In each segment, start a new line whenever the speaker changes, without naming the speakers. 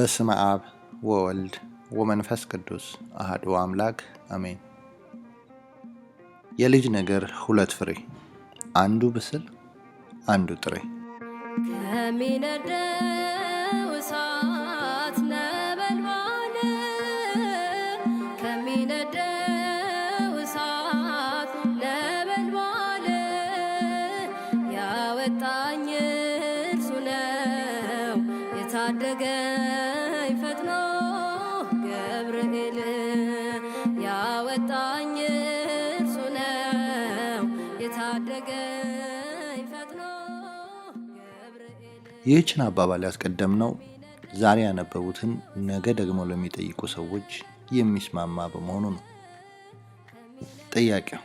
በስመ አብ ወወልድ ወመንፈስ ቅዱስ አህዱ አምላክ አሜን። የልጅ ነገር ሁለት ፍሬ፣ አንዱ ብስል፣ አንዱ ጥሬ። ከሚነደው ነው የታደገ ይህችን አባባል ነው። ዛሬ ያነበቡትን ነገ ደግሞ ለሚጠይቁ ሰዎች የሚስማማ በመሆኑ ነው። ጥያቄው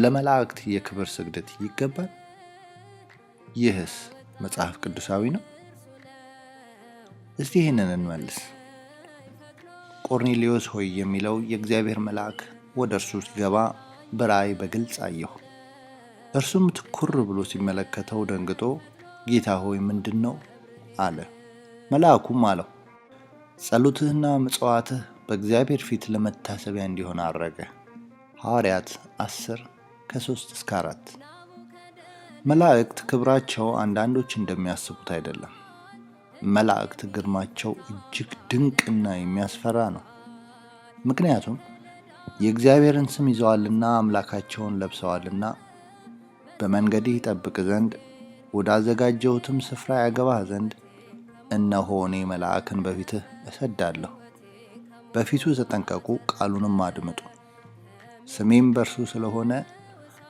ለመላእክት የክብር ስግደት ይገባል? ይህስ መጽሐፍ ቅዱሳዊ ነው? እስቲ ይህንን እንመልስ። ቆርኔሌዎስ ሆይ የሚለው የእግዚአብሔር መልአክ ወደ እርሱ ሲገባ በራእይ በግልጽ አየሁ። እርሱም ትኩር ብሎ ሲመለከተው ደንግጦ ጌታ ሆይ ምንድን ነው አለ። መልአኩም አለው ጸሎትህና ምጽዋትህ በእግዚአብሔር ፊት ለመታሰቢያ እንዲሆን አረገ። ሐዋርያት 10 ከ3 እስከ 4። መላእክት ክብራቸው አንዳንዶች እንደሚያስቡት አይደለም። መላእክት ግርማቸው እጅግ ድንቅና የሚያስፈራ ነው። ምክንያቱም የእግዚአብሔርን ስም ይዘዋልና አምላካቸውን ለብሰዋልና። በመንገድህ ይጠብቅ ዘንድ ወዳዘጋጀሁትም ስፍራ ያገባህ ዘንድ እነሆ እኔ መልአክን በፊትህ እሰዳለሁ። በፊቱ ተጠንቀቁ፣ ቃሉንም አድምጡ። ስሜም በእርሱ ስለሆነ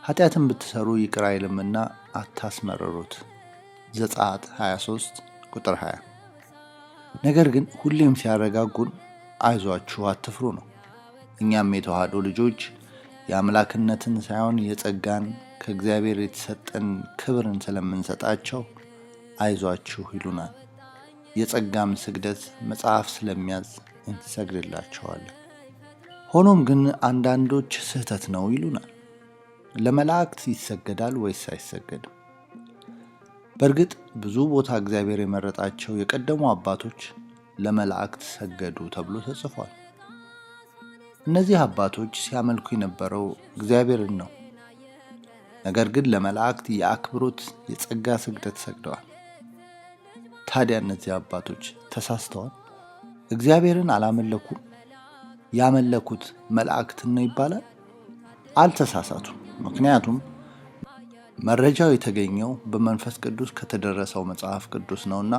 ኃጢአትን ብትሰሩ ይቅር አይልምና አታስመረሩት። ዘጸአት 23 ቁጥር 20። ነገር ግን ሁሌም ሲያረጋጉን አይዟችሁ አትፍሩ ነው። እኛም የተዋህዶ ልጆች የአምላክነትን ሳይሆን የጸጋን ከእግዚአብሔር የተሰጠን ክብርን ስለምንሰጣቸው አይዟችሁ ይሉናል። የጸጋም ስግደት መጽሐፍ ስለሚያዝ እንሰግድላቸዋለን። ሆኖም ግን አንዳንዶች ስህተት ነው ይሉናል። ለመላእክት ይሰገዳል ወይስ አይሰገድም? በእርግጥ ብዙ ቦታ እግዚአብሔር የመረጣቸው የቀደሙ አባቶች ለመላእክት ሰገዱ ተብሎ ተጽፏል። እነዚህ አባቶች ሲያመልኩ የነበረው እግዚአብሔርን ነው። ነገር ግን ለመላእክት የአክብሮት የጸጋ ስግደት ሰግደዋል። ታዲያ እነዚህ አባቶች ተሳስተዋል? እግዚአብሔርን አላመለኩም? ያመለኩት መላእክትን ነው ይባላል? አልተሳሳቱ። ምክንያቱም መረጃው የተገኘው በመንፈስ ቅዱስ ከተደረሰው መጽሐፍ ቅዱስ ነውና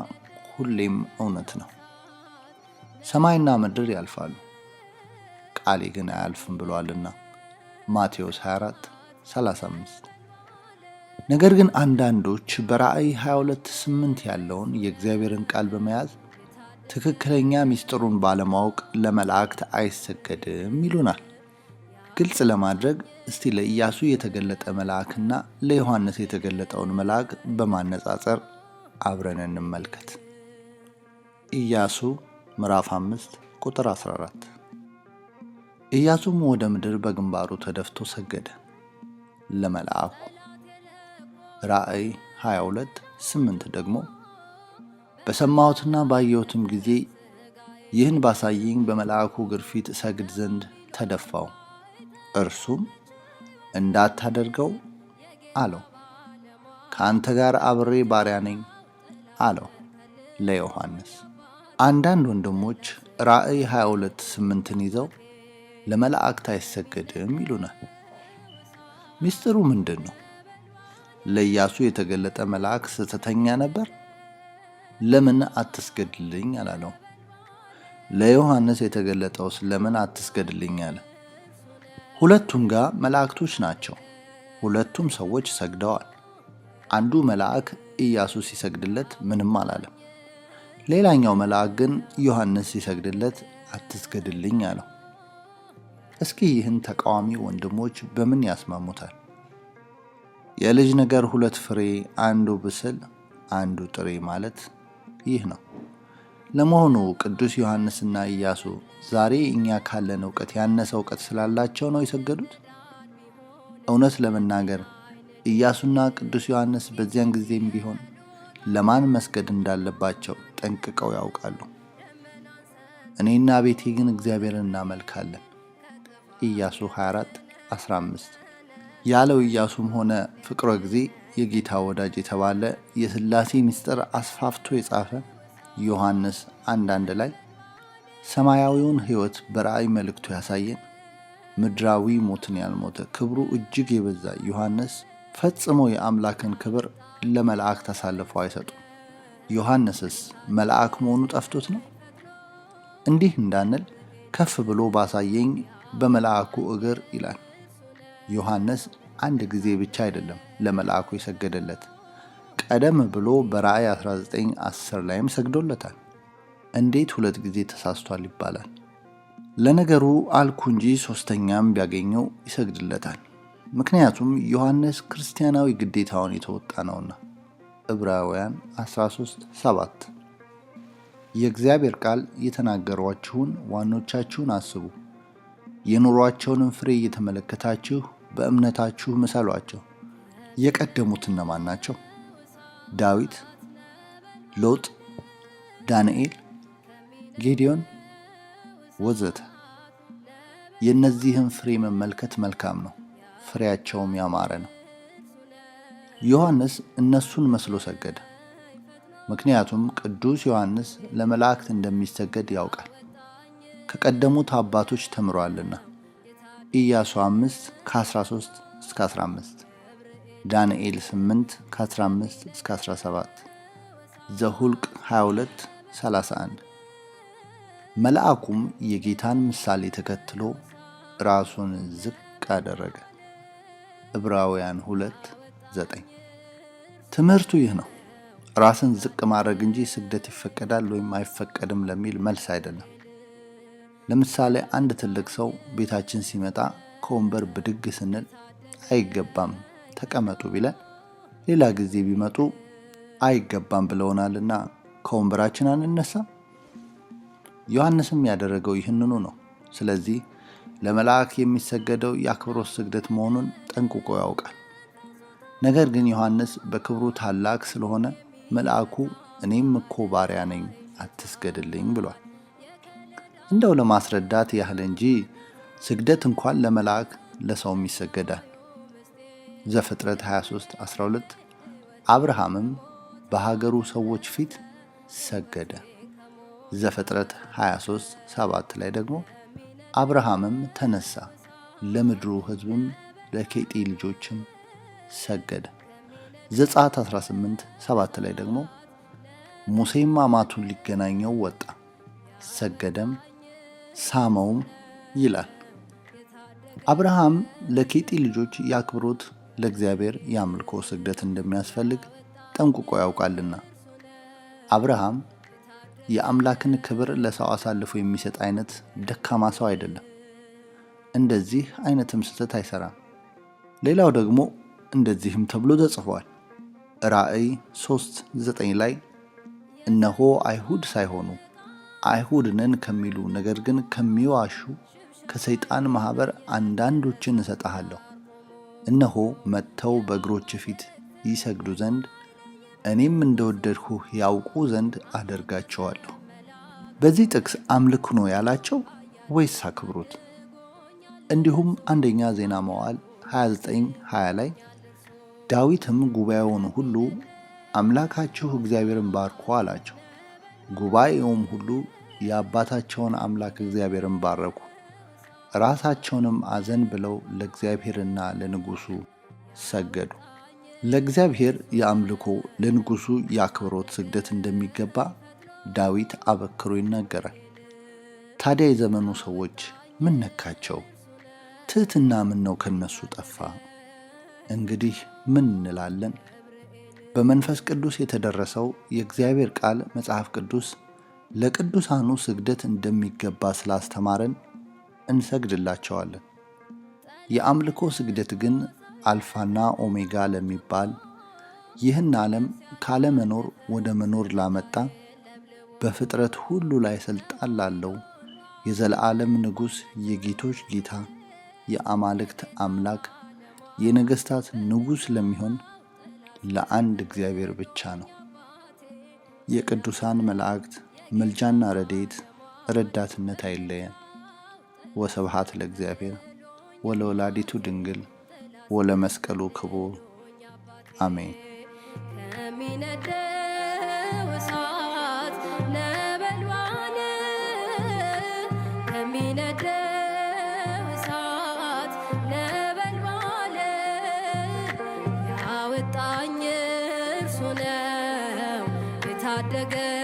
ሁሌም እውነት ነው። ሰማይና ምድር ያልፋሉ ቃሌ ግን አያልፍም ብሏልና ማቴዎስ 24 35 ነገር ግን አንዳንዶች በራእይ 22፥8 ያለውን የእግዚአብሔርን ቃል በመያዝ ትክክለኛ ሚስጥሩን ባለማወቅ ለመላእክት አይሰገድም ይሉናል። ግልጽ ለማድረግ እስቲ ለኢያሱ የተገለጠ መልአክና ለዮሐንስ የተገለጠውን መልአክ በማነጻጸር አብረን እንመልከት። ኢያሱ ምዕራፍ 5 ቁጥር 14 ኢያሱም ወደ ምድር በግንባሩ ተደፍቶ ሰገደ ለመልአኩ ራእይ 22 8 ደግሞ በሰማሁትና ባየሁትም ጊዜ ይህን ባሳየኝ በመልአኩ እግር ፊት እሰግድ ዘንድ ተደፋው። እርሱም እንዳታደርገው አለው። ከአንተ ጋር አብሬ ባሪያ ነኝ አለው ለዮሐንስ። አንዳንድ ወንድሞች ራእይ 22 8 ይዘው ለመላእክት አይሰገድም ይሉናል። ሚስጥሩ ምንድን ነው? ለኢያሱ የተገለጠ መልአክ ስተተኛ ነበር? ለምን አትስገድልኝ አላለው? ለዮሐንስ የተገለጠውስ ለምን አትስገድልኝ አለ? ሁለቱም ጋር መላእክቶች ናቸው። ሁለቱም ሰዎች ሰግደዋል። አንዱ መልአክ ኢያሱ ሲሰግድለት ምንም አላለም። ሌላኛው መልአክ ግን ዮሐንስ ሲሰግድለት አትስገድልኝ አለው። እስኪ ይህን ተቃዋሚ ወንድሞች በምን ያስማሙታል? የልጅ ነገር ሁለት ፍሬ፣ አንዱ ብስል አንዱ ጥሬ ማለት ይህ ነው። ለመሆኑ ቅዱስ ዮሐንስና ኢያሱ ዛሬ እኛ ካለን እውቀት ያነሰ እውቀት ስላላቸው ነው የሰገዱት? እውነት ለመናገር ኢያሱና ቅዱስ ዮሐንስ በዚያን ጊዜም ቢሆን ለማን መስገድ እንዳለባቸው ጠንቅቀው ያውቃሉ። እኔና ቤቴ ግን እግዚአብሔርን እናመልካለን። ኢያሱ 24 15 ያለው እያሱም ሆነ ፍቅረ ጊዜ የጌታ ወዳጅ የተባለ የስላሴ ምስጢር አስፋፍቶ የጻፈ ዮሐንስ አንዳንድ ላይ ሰማያዊውን ሕይወት በራእይ መልእክቱ ያሳየን ምድራዊ ሞትን ያልሞተ ክብሩ እጅግ የበዛ ዮሐንስ ፈጽሞ የአምላክን ክብር ለመላእክት አሳልፎ አይሰጡም። ዮሐንስስ መልአክ መሆኑ ጠፍቶት ነው? እንዲህ እንዳንል ከፍ ብሎ ባሳየኝ በመልአኩ እግር ይላል። ዮሐንስ አንድ ጊዜ ብቻ አይደለም ለመልአኩ የሰገደለት፣ ቀደም ብሎ በራእይ 1910 ላይም ሰግዶለታል። እንዴት ሁለት ጊዜ ተሳስቷል ይባላል? ለነገሩ አልኩ እንጂ ሶስተኛም ቢያገኘው ይሰግድለታል። ምክንያቱም ዮሐንስ ክርስቲያናዊ ግዴታውን የተወጣ ነውና። ዕብራውያን 13፥7 የእግዚአብሔር ቃል የተናገሯችሁን ዋኖቻችሁን አስቡ፣ የኑሯቸውንም ፍሬ እየተመለከታችሁ በእምነታችሁ ምሰሏቸው። የቀደሙት እነማን ናቸው? ዳዊት፣ ሎጥ፣ ዳንኤል፣ ጌዲዮን ወዘተ። የእነዚህን ፍሬ መመልከት መልካም ነው፣ ፍሬያቸውም ያማረ ነው። ዮሐንስ እነሱን መስሎ ሰገደ። ምክንያቱም ቅዱስ ዮሐንስ ለመላእክት እንደሚሰገድ ያውቃል፣ ከቀደሙት አባቶች ተምሯልና። ኢያሱ 5 ከ13 እስከ 15 ዳንኤል 8 ከ15 እስከ 17 ዘሁልቅ 22 31 መልአኩም የጌታን ምሳሌ ተከትሎ ራሱን ዝቅ አደረገ። ዕብራውያን 2 9 ትምህርቱ ይህ ነው። ራስን ዝቅ ማድረግ እንጂ ስግደት ይፈቀዳል ወይም አይፈቀድም ለሚል መልስ አይደለም። ለምሳሌ አንድ ትልቅ ሰው ቤታችን ሲመጣ ከወንበር ብድግ ስንል አይገባም ተቀመጡ ቢለን ሌላ ጊዜ ቢመጡ አይገባም ብለውናልና ከወንበራችን አንነሳም። ዮሐንስም ያደረገው ይህንኑ ነው። ስለዚህ ለመልአክ የሚሰገደው የአክብሮት ስግደት መሆኑን ጠንቅቆ ያውቃል። ነገር ግን ዮሐንስ በክብሩ ታላቅ ስለሆነ መልአኩ እኔም እኮ ባሪያ ነኝ አትስገድልኝ ብሏል። እንደው ለማስረዳት ያህል እንጂ ስግደት እንኳን ለመላእክ ለሰውም ይሰገዳል። ዘፍጥረት 23 12 አብርሃምም በሀገሩ ሰዎች ፊት ሰገደ። ዘፍጥረት 23 7 ላይ ደግሞ አብርሃምም ተነሳ፣ ለምድሩ ሕዝብም ለኬጢ ልጆችም ሰገደ። ዘጸአት 18 7 ላይ ደግሞ ሙሴም አማቱን ሊገናኘው ወጣ፣ ሰገደም ሳመውም ይላል። አብርሃም ለኬጢ ልጆች የአክብሮት ለእግዚአብሔር የአምልኮ ስግደት እንደሚያስፈልግ ጠንቁቆ ያውቃልና አብርሃም የአምላክን ክብር ለሰው አሳልፎ የሚሰጥ አይነት ደካማ ሰው አይደለም። እንደዚህ አይነትም ስህተት አይሰራም። ሌላው ደግሞ እንደዚህም ተብሎ ተጽፏል። ራእይ 3 9 ላይ እነሆ አይሁድ ሳይሆኑ አይሁድ ነን ከሚሉ ነገር ግን ከሚዋሹ ከሰይጣን ማኅበር አንዳንዶችን እሰጠሃለሁ። እነሆ መጥተው በእግሮች ፊት ይሰግዱ ዘንድ እኔም እንደወደድሁ ያውቁ ዘንድ አደርጋቸዋለሁ። በዚህ ጥቅስ አምልክ ነው ያላቸው ወይስ አክብሮት? እንዲሁም አንደኛ ዜና መዋዕል 29፡20 ላይ ዳዊትም ጉባኤውን ሁሉ አምላካችሁ እግዚአብሔርን ባርኮ አላቸው ጉባኤውም ሁሉ የአባታቸውን አምላክ እግዚአብሔርን ባረኩ። ራሳቸውንም አዘን ብለው ለእግዚአብሔርና ለንጉሱ ሰገዱ። ለእግዚአብሔር የአምልኮ ለንጉሱ የአክብሮት ስግደት እንደሚገባ ዳዊት አበክሮ ይናገራል። ታዲያ የዘመኑ ሰዎች ምን ነካቸው? ትሕትና ምን ነው ከነሱ ጠፋ? እንግዲህ ምን እንላለን? በመንፈስ ቅዱስ የተደረሰው የእግዚአብሔር ቃል መጽሐፍ ቅዱስ ለቅዱሳኑ ስግደት እንደሚገባ ስላስተማረን እንሰግድላቸዋለን። የአምልኮ ስግደት ግን አልፋና ኦሜጋ ለሚባል ይህን ዓለም ካለመኖር ወደ መኖር ላመጣ በፍጥረት ሁሉ ላይ ሥልጣን ላለው የዘለዓለም ንጉሥ የጌቶች ጌታ የአማልክት አምላክ የነገሥታት ንጉሥ ለሚሆን ለአንድ እግዚአብሔር ብቻ ነው። የቅዱሳን መላእክት ምልጃና ረዴት ረዳትነት አይለየን። ወስብሐት ለእግዚአብሔር ወለወላዲቱ ድንግል ወለመስቀሉ ክቡር አሜን። ያወጣኝ እርሱ ነው የታደገ